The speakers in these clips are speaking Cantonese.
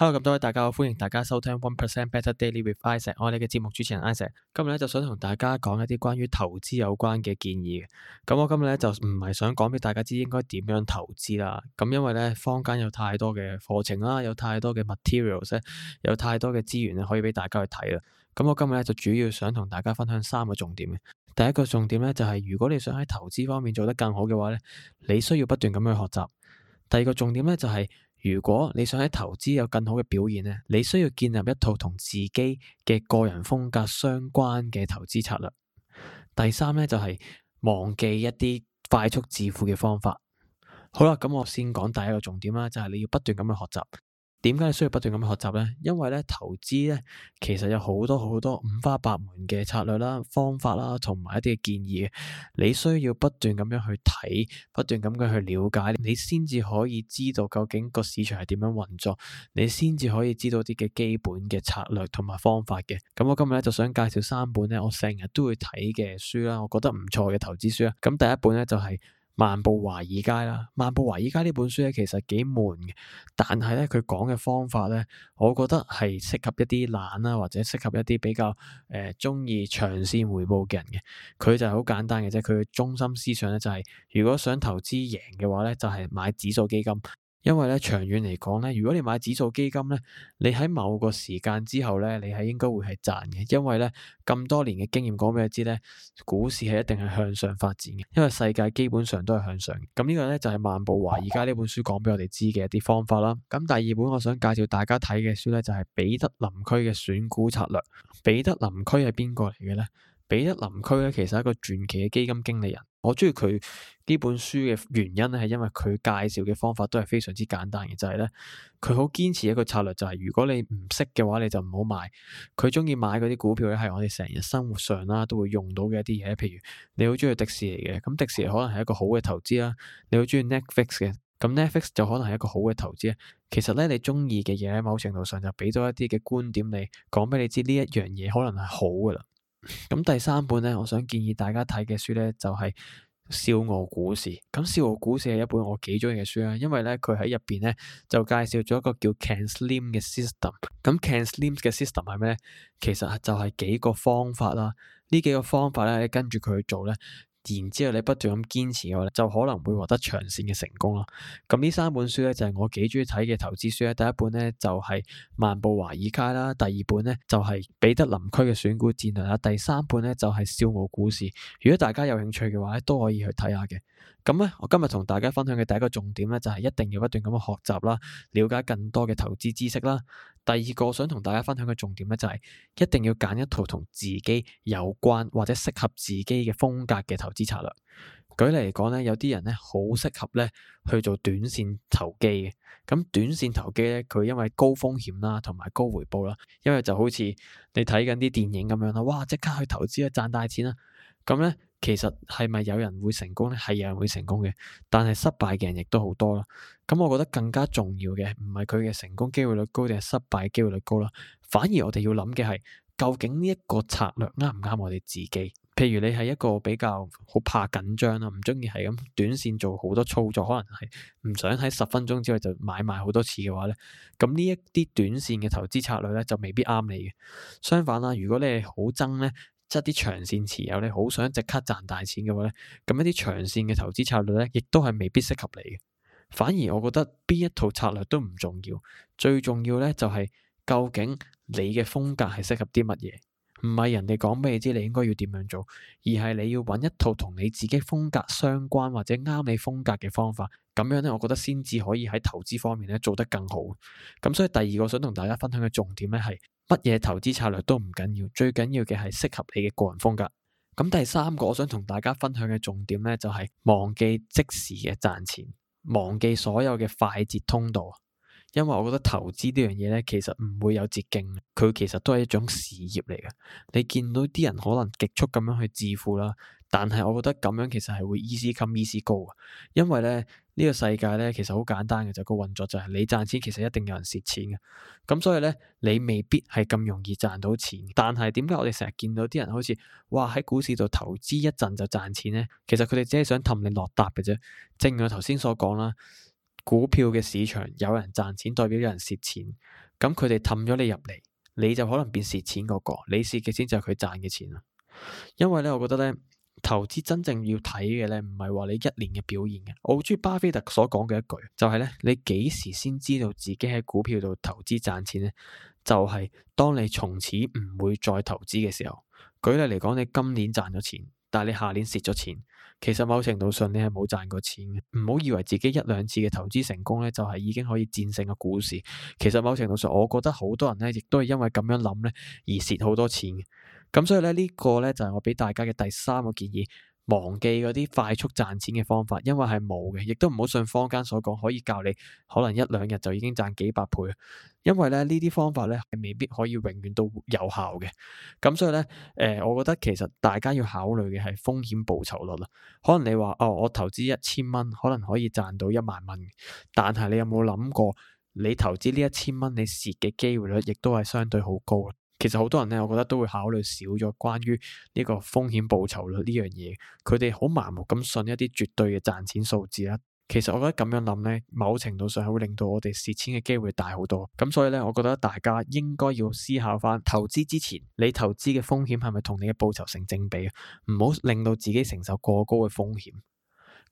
Hello 咁多位大家好，歡迎大家收聽 One Percent Better Daily with Isaac，我哋嘅節目主持人 Isaac。今日咧就想同大家講一啲關於投資有關嘅建議嘅。咁我今日咧就唔係想講俾大家知應該點樣投資啦。咁因為咧坊間有太多嘅課程啦，有太多嘅 materials，有太多嘅資源可以俾大家去睇啦。咁我今日咧就主要想同大家分享三個重點嘅。第一個重點咧就係、是、如果你想喺投資方面做得更好嘅話咧，你需要不斷咁去學習。第二個重點咧就係、是。如果你想喺投資有更好嘅表現咧，你需要建立一套同自己嘅個人風格相關嘅投資策略。第三咧就係忘記一啲快速致富嘅方法。好啦，咁我先講第一個重點啦，就係你要不斷咁去學習。點解你需要不斷咁學習呢？因為呢投資呢，其實有好多好多五花八門嘅策略啦、方法啦，同埋一啲嘅建議嘅，你需要不斷咁樣去睇，不斷咁樣去了解，你先至可以知道究竟個市場係點樣運作，你先至可以知道啲嘅基本嘅策略同埋方法嘅。咁我今日呢，就想介紹三本呢我成日都會睇嘅書啦，我覺得唔錯嘅投資書啊。咁第一本呢，就係。漫步華爾街啦，漫步華爾街呢本書咧其實幾悶嘅，但係咧佢講嘅方法咧，我覺得係適合一啲懶啦、啊，或者適合一啲比較誒中意長線回報嘅人嘅。佢就係好簡單嘅啫，佢嘅中心思想咧就係、是、如果想投資贏嘅話咧，就係、是、買指數基金。因為咧長遠嚟講咧，如果你買指數基金咧，你喺某個時間之後咧，你係應該會係賺嘅。因為咧咁多年嘅經驗講俾你知咧，股市係一定係向上發展嘅。因為世界基本上都係向上。咁呢個咧就係、是、漫步華而家呢本書講俾我哋知嘅一啲方法啦。咁第二本我想介紹大家睇嘅書咧，就係彼得林區嘅選股策略。彼得林區係邊個嚟嘅咧？比一林區咧，其實係一個傳奇嘅基金經理人。我中意佢呢本書嘅原因咧，係因為佢介紹嘅方法都係非常之簡單嘅，就係咧佢好堅持一個策略，就係、是、如果你唔識嘅話，你就唔好買。佢中意買嗰啲股票咧，係我哋成日生活上啦都會用到嘅一啲嘢，譬如你好中意迪士尼嘅，咁迪士尼可能係一個好嘅投資啦。你好中意 Netflix 嘅，咁 Netflix 就可能係一個好嘅投資。其實咧，你中意嘅嘢，某程度上就俾咗一啲嘅觀點，你講俾你知呢一樣嘢可能係好噶啦。咁第三本咧，我想建議大家睇嘅書咧，就係、是《笑傲股市》。咁《笑傲股市》係一本我幾中意嘅書啦、啊，因為咧佢喺入邊咧就介紹咗一個叫 Can Slim 嘅 system。咁 Can Slim 嘅 system 係咩咧？其實就係幾個方法啦、啊。呢幾個方法咧，你跟住佢去做咧。然之後你不斷咁堅持嘅話，就可能會獲得長線嘅成功咯。咁呢三本書咧就係我幾中意睇嘅投資書咧。第一本咧就係《漫步華爾街》啦，第二本咧就係《彼得林區嘅選股戰略》啦，第三本咧就係《笑傲股市》。如果大家有興趣嘅話咧，都可以去睇下嘅。咁咧，我今日同大家分享嘅第一個重點咧，就係一定要不斷咁去學習啦，了解更多嘅投資知識啦。第二個想同大家分享嘅重點咧，就係一定要揀一套同自己有關或者適合自己嘅風格嘅投資策略。舉例嚟講咧，有啲人咧好適合咧去做短線投機嘅。咁短線投機咧，佢因為高風險啦，同埋高回報啦，因為就好似你睇緊啲電影咁樣啦，哇！即刻去投資啊，賺大錢啊！咁咧，其實係咪有人會成功咧？係有人會成功嘅，但係失敗嘅人亦都好多啦。咁我覺得更加重要嘅，唔係佢嘅成功機會率高定係失敗機會率高啦。反而我哋要諗嘅係，究竟呢一個策略啱唔啱我哋自己？譬如你係一個比較好怕緊張啦，唔中意係咁短線做好多操作，可能係唔想喺十分鐘之內就買賣好多次嘅話咧。咁呢一啲短線嘅投資策略咧，就未必啱你嘅。相反啦，如果你係好憎咧。即係啲長線持有，你好想即刻賺大錢嘅話咧，咁一啲長線嘅投資策略咧，亦都係未必適合你。反而我覺得邊一套策略都唔重要，最重要咧就係究竟你嘅風格係適合啲乜嘢，唔係人哋講俾你知你應該要點樣做，而係你要揾一套同你自己風格相關或者啱你風格嘅方法，咁樣咧，我覺得先至可以喺投資方面咧做得更好。咁所以第二個想同大家分享嘅重點咧係。乜嘢投資策略都唔緊要，最緊要嘅係適合你嘅個人風格。咁第三個我想同大家分享嘅重點呢，就係忘記即時嘅賺錢，忘記所有嘅快捷通道，因為我覺得投資呢樣嘢呢，其實唔會有捷徑，佢其實都係一種事業嚟嘅。你見到啲人可能極速咁樣去致富啦。但係我覺得咁樣其實係會 easy come easy go 啊，因為咧，呢個世界咧其實好簡單嘅，就個運作就係你賺錢其實一定有人蝕錢嘅，咁所以咧，你未必係咁容易賺到錢。但係點解我哋成日見到啲人好似哇，喺股市度投資一陣就賺錢咧？其實佢哋只係想氹你落搭嘅啫。正如我頭先所講啦，股票嘅市場有人賺錢代表有人蝕錢，咁佢哋氹咗你入嚟，你就可能變蝕錢嗰個，你蝕嘅錢就係佢賺嘅錢咯。因為咧，我覺得咧。投資真正要睇嘅咧，唔係話你一年嘅表現嘅。我好中意巴菲特所講嘅一句，就係咧，你幾時先知道自己喺股票度投資賺錢呢？就係當你從此唔會再投資嘅時候。舉例嚟講，你今年賺咗錢，但係你下年蝕咗錢，其實某程度上你係冇賺過錢嘅。唔好以為自己一兩次嘅投資成功咧，就係已經可以戰勝個股市。其實某程度上，我覺得好多人咧，亦都係因為咁樣諗咧，而蝕好多錢。咁所以咧，呢個咧就係我俾大家嘅第三個建議，忘記嗰啲快速賺錢嘅方法，因為係冇嘅，亦都唔好信坊間所講可以教你可能一兩日就已經賺幾百倍，因為咧呢啲方法咧係未必可以永遠都有效嘅。咁所以咧，誒，我覺得其實大家要考慮嘅係風險報酬率啦。可能你話哦，我投資一千蚊，可能可以賺到一萬蚊，但係你有冇諗過，你投資呢一千蚊，你蝕嘅機會率亦都係相對好高嘅。其實好多人咧，我覺得都會考慮少咗關於呢個風險報酬率呢樣嘢，佢哋好盲目咁信一啲絕對嘅賺錢數字啦。其實我覺得咁樣諗咧，某程度上會令到我哋蝕錢嘅機會大好多。咁所以咧，我覺得大家應該要思考翻，投資之前你投資嘅風險係咪同你嘅報酬成正比？唔好令到自己承受過高嘅風險。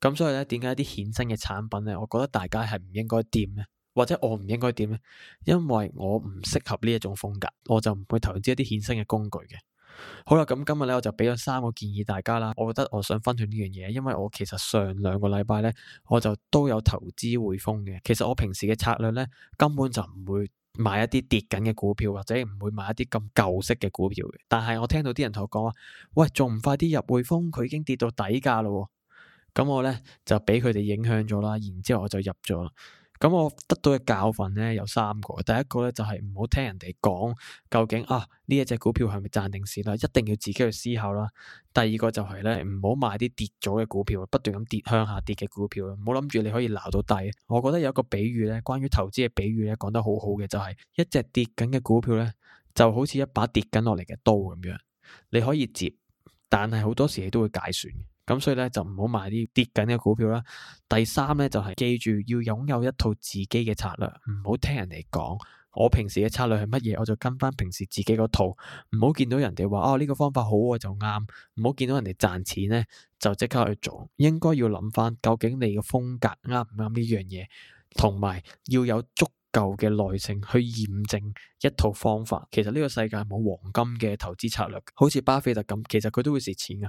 咁所以咧，點解一啲衍生嘅產品咧，我覺得大家係唔應該掂咧？或者我唔應該點呢？因為我唔適合呢一種風格，我就唔會投資一啲衍生嘅工具嘅。好啦，咁今日咧我就俾咗三個建議大家啦。我覺得我想分享呢樣嘢，因為我其實上兩個禮拜咧，我就都有投資匯豐嘅。其實我平時嘅策略咧根本就唔會買一啲跌緊嘅股票，或者唔會買一啲咁舊式嘅股票嘅。但係我聽到啲人同我講話，喂，仲唔快啲入匯豐？佢已經跌到底價啦！咁、嗯、我咧就俾佢哋影響咗啦，然之後我就入咗。咁我得到嘅教訓咧有三個，第一個咧就係唔好聽人哋講究竟啊呢一隻股票係咪賺定蝕啦，一定要自己去思考啦。第二個就係咧唔好買啲跌咗嘅股票，不斷咁跌向下跌嘅股票，唔好諗住你可以撈到底。我覺得有一個比喻咧，關於投資嘅比喻咧講得好好嘅，就係、是、一隻跌緊嘅股票咧，就好似一把跌緊落嚟嘅刀咁樣，你可以接，但係好多時你都會解算。咁所以咧就唔好買啲跌緊嘅股票啦。第三咧就係、是、記住要擁有一套自己嘅策略，唔好聽人哋講。我平時嘅策略係乜嘢，我就跟翻平時自己嗰套。唔好見到人哋話哦呢、這個方法好我、啊、就啱，唔好見到人哋賺錢咧就即刻去做。應該要諗翻究竟你嘅風格啱唔啱呢樣嘢，同埋要有足舊嘅耐性去驗證一套方法。其實呢個世界冇黃金嘅投資策略，好似巴菲特咁，其實佢都會蝕錢噶，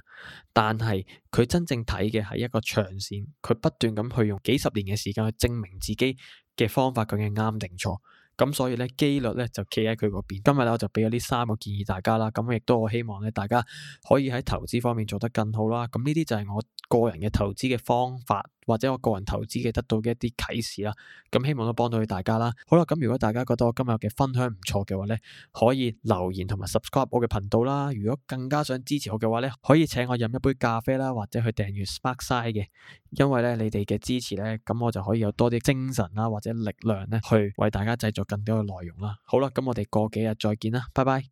但係佢真正睇嘅係一個長線，佢不斷咁去用幾十年嘅時間去證明自己嘅方法究竟啱定錯？咁所以呢，機率呢就企喺佢嗰邊。今日呢，我就俾咗呢三個建議大家啦，咁亦都我希望呢，大家可以喺投資方面做得更好啦。咁呢啲就係我個人嘅投資嘅方法。或者我個人投資嘅得到嘅一啲啟示啦，咁希望都幫到大家啦。好啦，咁如果大家覺得我今日嘅分享唔錯嘅話咧，可以留言同埋 subscribe 我嘅頻道啦。如果更加想支持我嘅話咧，可以請我飲一杯咖啡啦，或者去訂閲 Sparkside 嘅。因為咧你哋嘅支持咧，咁我就可以有多啲精神啦，或者力量咧，去為大家製作更多嘅內容啦。好啦，咁我哋過幾日再見啦，拜拜。